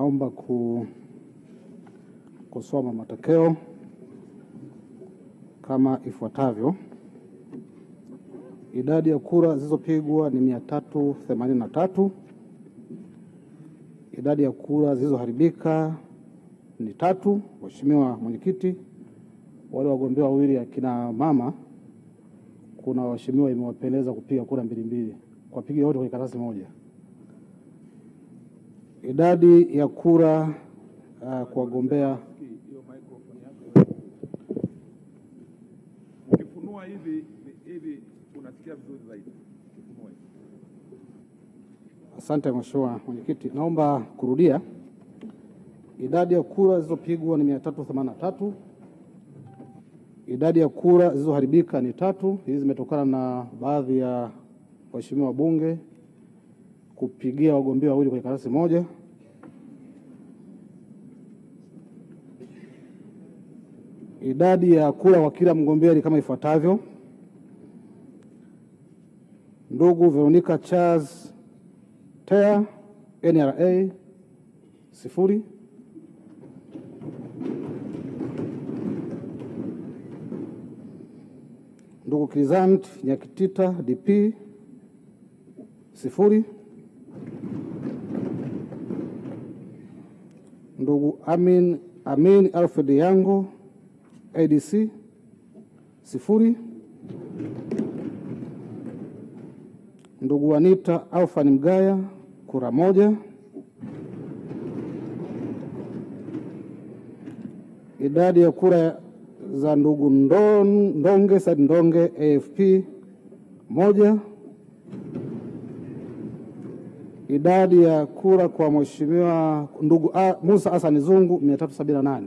Naomba ku, kusoma matokeo kama ifuatavyo. Idadi ya kura zilizopigwa ni 383. Idadi ya kura zilizoharibika ni tatu. Mheshimiwa Mwenyekiti, wale wagombea wawili akina mama, kuna waheshimiwa imewapendeza kupiga kura mbili mbili, kwa piga yote kwenye karatasi moja. Idadi ya kura uh, kwa wagombea Asante Mheshimiwa Mwenyekiti, naomba kurudia. Idadi ya kura zilizopigwa ni 383. Idadi ya kura zilizoharibika ni tatu. Hizi zimetokana na baadhi ya waheshimiwa wabunge kupigia wagombea wawili kwenye karatasi moja. Idadi ya kura kwa kila mgombea ni kama ifuatavyo: ndugu Veronica Charles Tea NRA sifuri, ndugu Krizant Nyakitita DP sifuri ndugu Amin, Amin Alfred Yango ADC sifuri, ndugu Anita Alfan Mgaya kura moja, idadi ya kura za ndugu Ndonge ndonge AFP moja Idadi ya kura kwa mheshimiwa ndugu a, ah, Musa Hassan Zungu 378.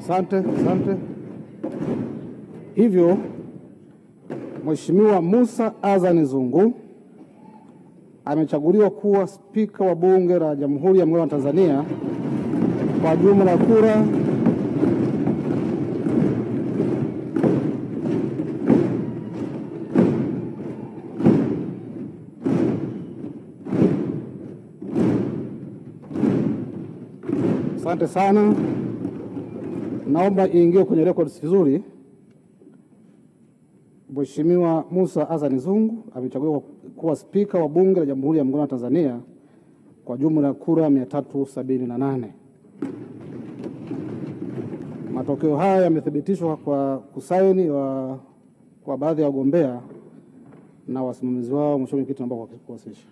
Asante, asante. Hivyo Mheshimiwa Musa Azani Zungu amechaguliwa kuwa spika wa Bunge la Jamhuri ya Muungano wa Tanzania kwa jumla ya kura Asante sana, naomba iingie kwenye records vizuri. Mheshimiwa musa azani Zungu amechaguliwa kuwa spika wa bunge la Jamhuri ya Muungano wa Tanzania kwa jumla ya kura 378. Matokeo haya yamethibitishwa kwa kusaini wa, kwa baadhi ya wagombea na wasimamizi wao. Mheshimiwa Mwenyekiti, naomba kuwasilisha.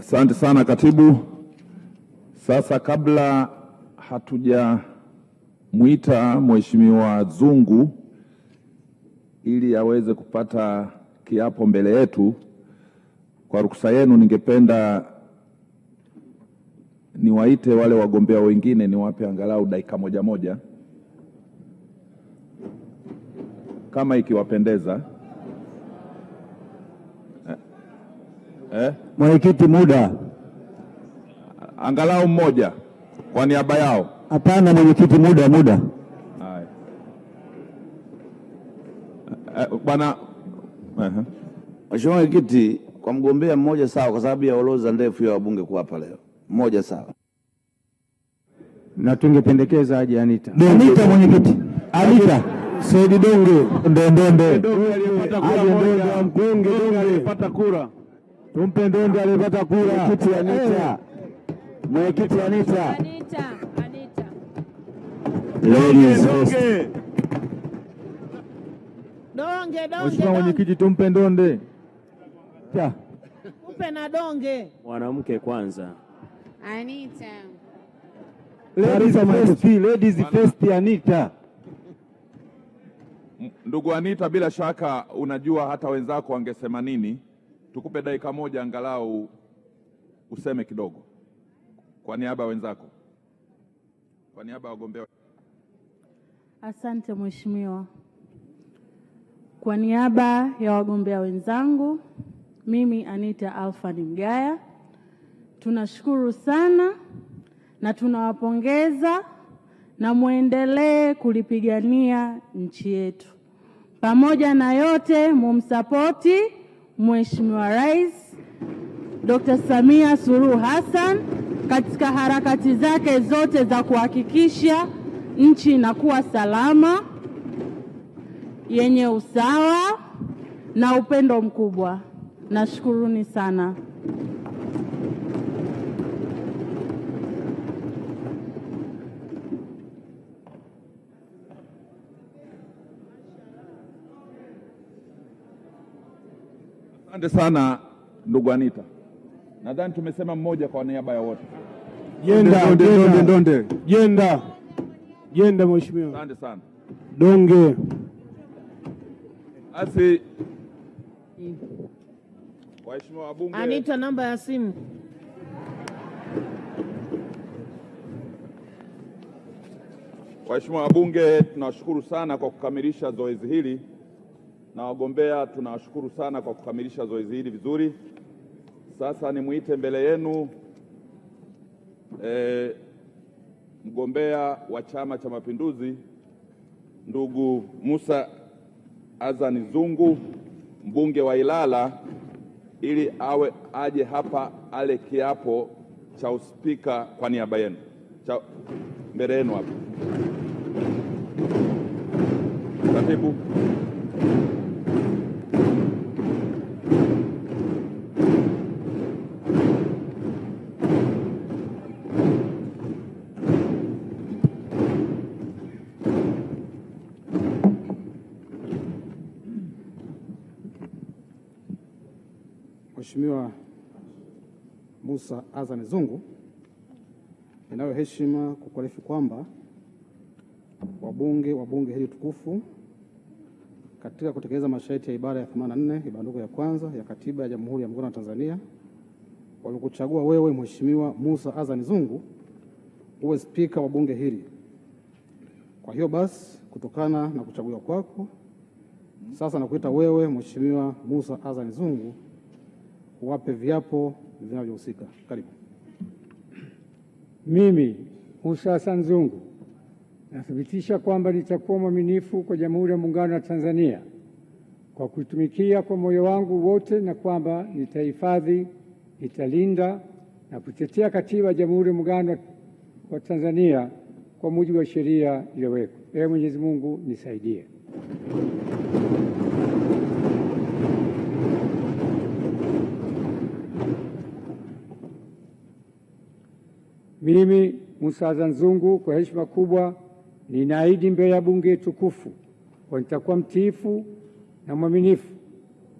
Asante sana katibu. Sasa kabla hatuja kumwita Mheshimiwa Zungu ili aweze kupata kiapo mbele yetu. Kwa ruksa yenu, ningependa niwaite wale wagombea wengine, niwape angalau dakika moja moja kama ikiwapendeza. Eh? eh? Mwenyekiti, muda angalau mmoja kwa niaba yao. Hapana mwenyekiti, muda muda. Eh, eh, bwana Mheshimiwa Mwenyekiti, kwa mgombea mmoja sawa, kwa sababu ya oloza ndefu ya wabunge kuwapa leo mmoja sawa, na tungependekeza aje Anita Anita, mwenyekiti Anita Said Donge Ndonde aliyepata kura, tumpe ndende aliyepata kura. Mwenyekiti Anita Mheshimiwa Mwenyekiti, tumpe ndonde na donge mwanamke kwanza. Anita. Ladies first, ladies first Anita. Ndugu Anita, bila shaka unajua hata wenzako wangesema nini. Tukupe dakika moja angalau useme kidogo kwa niaba ya wenzako, kwa niaba ya wagombea Asante mheshimiwa. Kwa niaba ya wagombea wenzangu, mimi Anita Alfani Mgaya, tunashukuru sana na tunawapongeza na muendelee kulipigania nchi yetu. Pamoja na yote, mumsapoti Mheshimiwa Rais Dr. Samia Suluhu Hassan katika harakati zake zote za kuhakikisha nchi inakuwa salama, yenye usawa na upendo mkubwa. Nashukuruni sana. Asante sana ndugu Anita, nadhani tumesema mmoja kwa niaba ya wote. Jenda, jenda, jenda. Jenda mheshimiwa. Asante sana. Donge. Asi. Waheshimiwa wabunge. Anita namba ya simu. Waheshimiwa wabunge, tunawashukuru sana kwa kukamilisha zoezi hili na wagombea tunawashukuru sana kwa kukamilisha zoezi hili vizuri. Sasa nimwite mbele yenu eh, mgombea wa Chama cha Mapinduzi ndugu Musa Azani Zungu, mbunge wa Ilala, ili awe aje hapa ale kiapo cha uspika kwa niaba yenu cha mbele yenu hapa katibu Mheshimiwa musa Azan Zungu, ninayo heshima kukuarifu kwamba wabunge wa bunge hili tukufu katika kutekeleza masharti ya ibara ya 84 ibanduko ya kwanza ya Katiba ya Jamhuri ya Muungano wa Tanzania walikuchagua wewe Mheshimiwa musa Azan Zungu uwe spika wa bunge hili. Kwa hiyo basi, kutokana na kuchaguliwa kwako, sasa nakuita wewe Mheshimiwa musa Azan Zungu wape viapo vinavyohusika. Karibu. Mimi Mussa Hassan Zungu nathibitisha kwamba nitakuwa mwaminifu kwa Jamhuri ya Muungano wa Tanzania kwa kuitumikia kwa moyo wangu wote, na kwamba nitahifadhi, nitalinda na kutetea Katiba ya Jamhuri ya Muungano wa Tanzania kwa mujibu wa sheria iliyowekwa. ewe Mwenyezi Mungu nisaidie. Mimi Musaza Nzungu, kwa heshima kubwa, ninaahidi mbele ya bunge tukufu kwa nitakuwa mtiifu na mwaminifu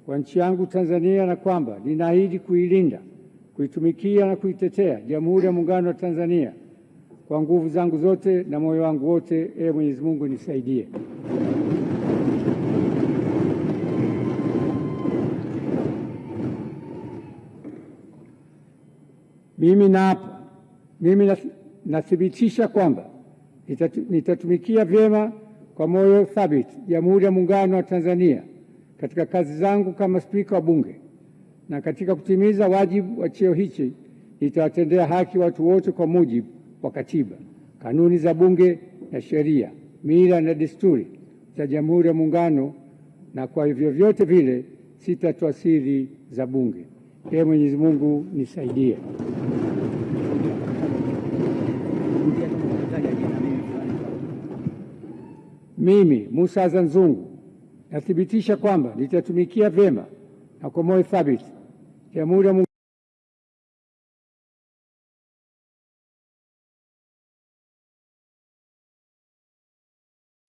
kwa nchi yangu Tanzania, na kwamba ninaahidi kuilinda, kuitumikia na kuitetea Jamhuri ya Muungano wa Tanzania kwa nguvu zangu zote na moyo wangu wote. Ee Mwenyezi Mungu nisaidie. Mimi naapa mimi nathibitisha kwamba nitatumikia vyema kwa moyo thabiti Jamhuri ya Muungano wa Tanzania katika kazi zangu kama Spika wa Bunge, na katika kutimiza wajibu wa cheo hichi nitawatendea haki watu wote kwa mujibu wa Katiba, kanuni za Bunge na sheria, mila na desturi za Jamhuri ya Muungano, na kwa vyote vile sitatoa siri za Bunge. Ee Mwenyezi Mungu nisaidie. Mimi musa Azzan Zungu nathibitisha kwamba nitatumikia vyema na kwa moyo thabiti Jamhuri ya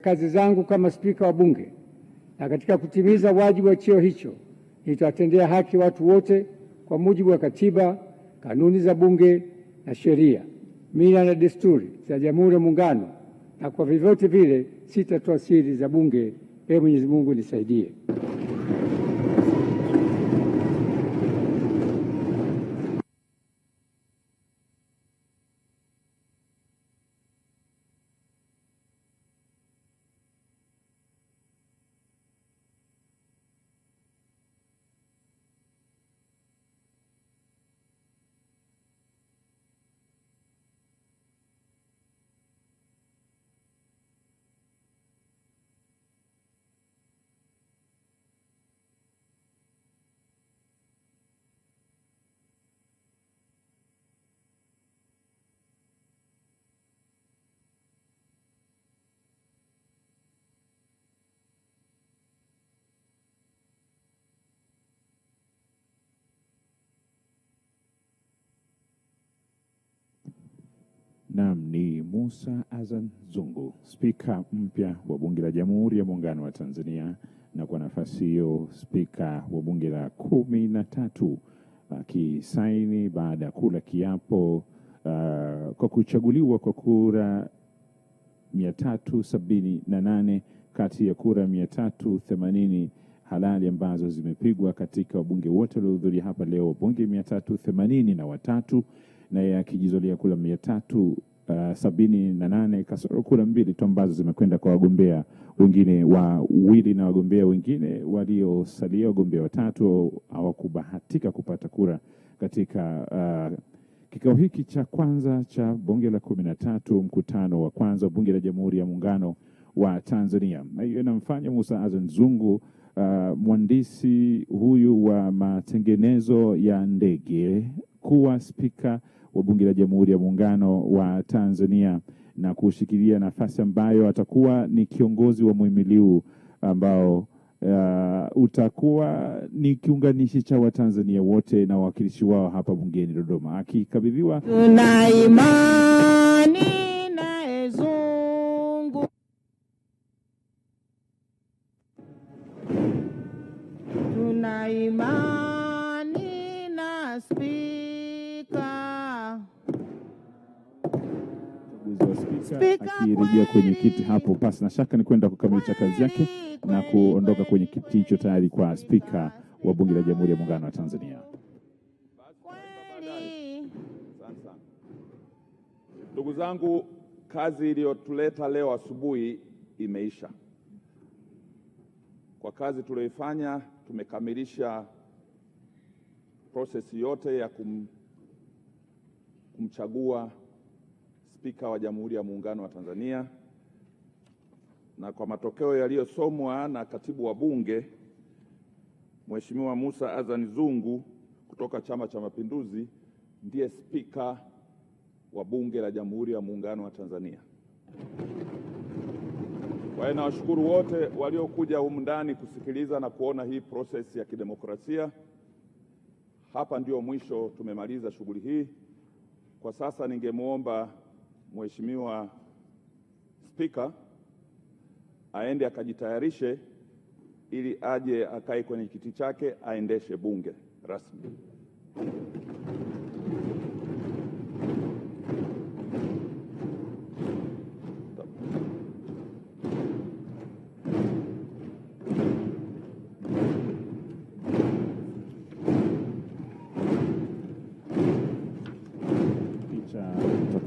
kazi zangu kama Spika wa Bunge, na katika kutimiza wajibu wa cheo hicho nitawatendea haki watu wote kwa mujibu wa Katiba, kanuni za Bunge na sheria, mila na desturi za Jamhuri ya Muungano na kwa vyovyote vile sitatoa siri za Bunge. Ee Mwenyezi Mungu nisaidie. Naam, ni musa azan Zungu, spika mpya wa bunge la Jamhuri ya Muungano wa Tanzania, na kwa nafasi hiyo spika wa bunge la kumi na tatu akisaini baada ya kula kiapo uh, kwa kuchaguliwa kwa kura nane kati ya kura themanini halali ambazo zimepigwa katika wabunge wote waliohudhuria hapa leo, wabunge 380 na watatu naye akijizolia kura mia tatu uh, sabini na nane kasoro kura mbili tu ambazo zimekwenda kwa wagombea wengine wawili na wagombea wengine waliosalia, wagombea watatu hawakubahatika kupata kura katika uh, kikao hiki cha kwanza cha bunge la kumi na tatu, mkutano wa kwanza wa bunge la Jamhuri ya Muungano wa Tanzania. Na hiyo inamfanya Musa Azan Zungu uh, mwandisi huyu wa matengenezo ya ndege kuwa spika wa Bunge la Jamhuri ya Muungano wa Tanzania na kushikilia nafasi ambayo atakuwa ni kiongozi wa muhimiliu ambao uh, utakuwa ni kiunganishi cha Watanzania wote na wawakilishi wao hapa bungeni Dodoma, akikabidhiwa tuna imani Tuna imani na akirejea kwenye kiti hapo, pasi na shaka ni kwenda kukamilisha kazi yake na kuondoka kwenye kiti hicho tayari kwa spika wa bunge la Jamhuri ya Muungano wa Tanzania. Ndugu zangu, kazi iliyotuleta leo asubuhi imeisha. Kwa kazi tuliyoifanya, tumekamilisha prosesi yote ya kum, kumchagua Spika wa Jamhuri ya Muungano wa Tanzania, na kwa matokeo yaliyosomwa na Katibu wa Bunge Mheshimiwa musa azani Zungu kutoka Chama cha Mapinduzi ndiye Spika wa Bunge la Jamhuri ya Muungano wa Tanzania. Kwa hiyo nawashukuru wote waliokuja humu ndani kusikiliza na kuona hii process ya kidemokrasia. Hapa ndio mwisho, tumemaliza shughuli hii. Kwa sasa ningemwomba Mheshimiwa Spika aende akajitayarishe ili aje akae kwenye kiti chake aendeshe bunge rasmi.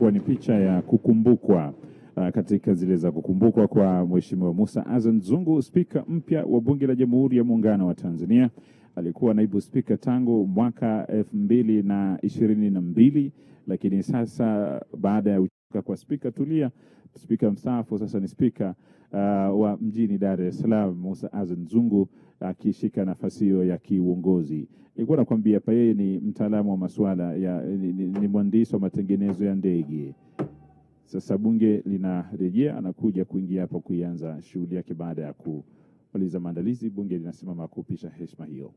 ilikuwa ni picha ya kukumbukwa uh, katika zile za kukumbukwa kwa Mheshimiwa musa azan Zungu, spika mpya wa Bunge la Jamhuri ya Muungano wa Tanzania. Alikuwa naibu spika tangu mwaka elfu mbili na ishirini na mbili, lakini sasa baada ya uchuka kwa spika Tulia, spika mstaafu, sasa ni spika uh, wa mjini Dar es Salaam Musa Azan Zungu akishika nafasi hiyo ya kiuongozi. Nilikuwa nakwambia hapa, yeye ni mtaalamu wa masuala ya ni, ni, ni mwandishi wa matengenezo ya ndege. Sasa bunge linarejea, anakuja kuingia hapo kuianza shughuli yake baada ya kumaliza maandalizi. Bunge linasimama kupisha heshima hiyo.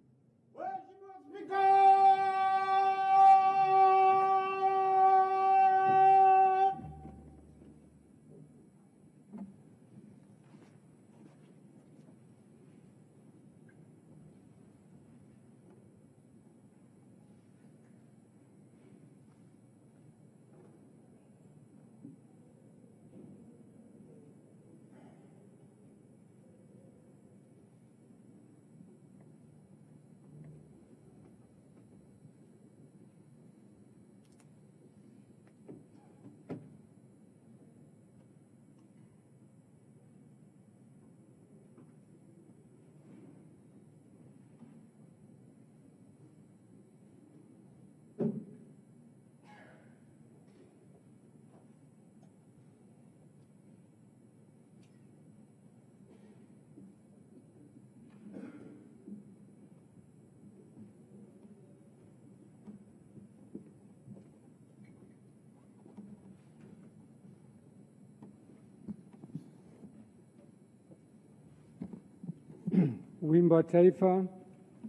wimbo wa taifa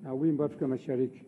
na wimbo wa Afrika Mashariki.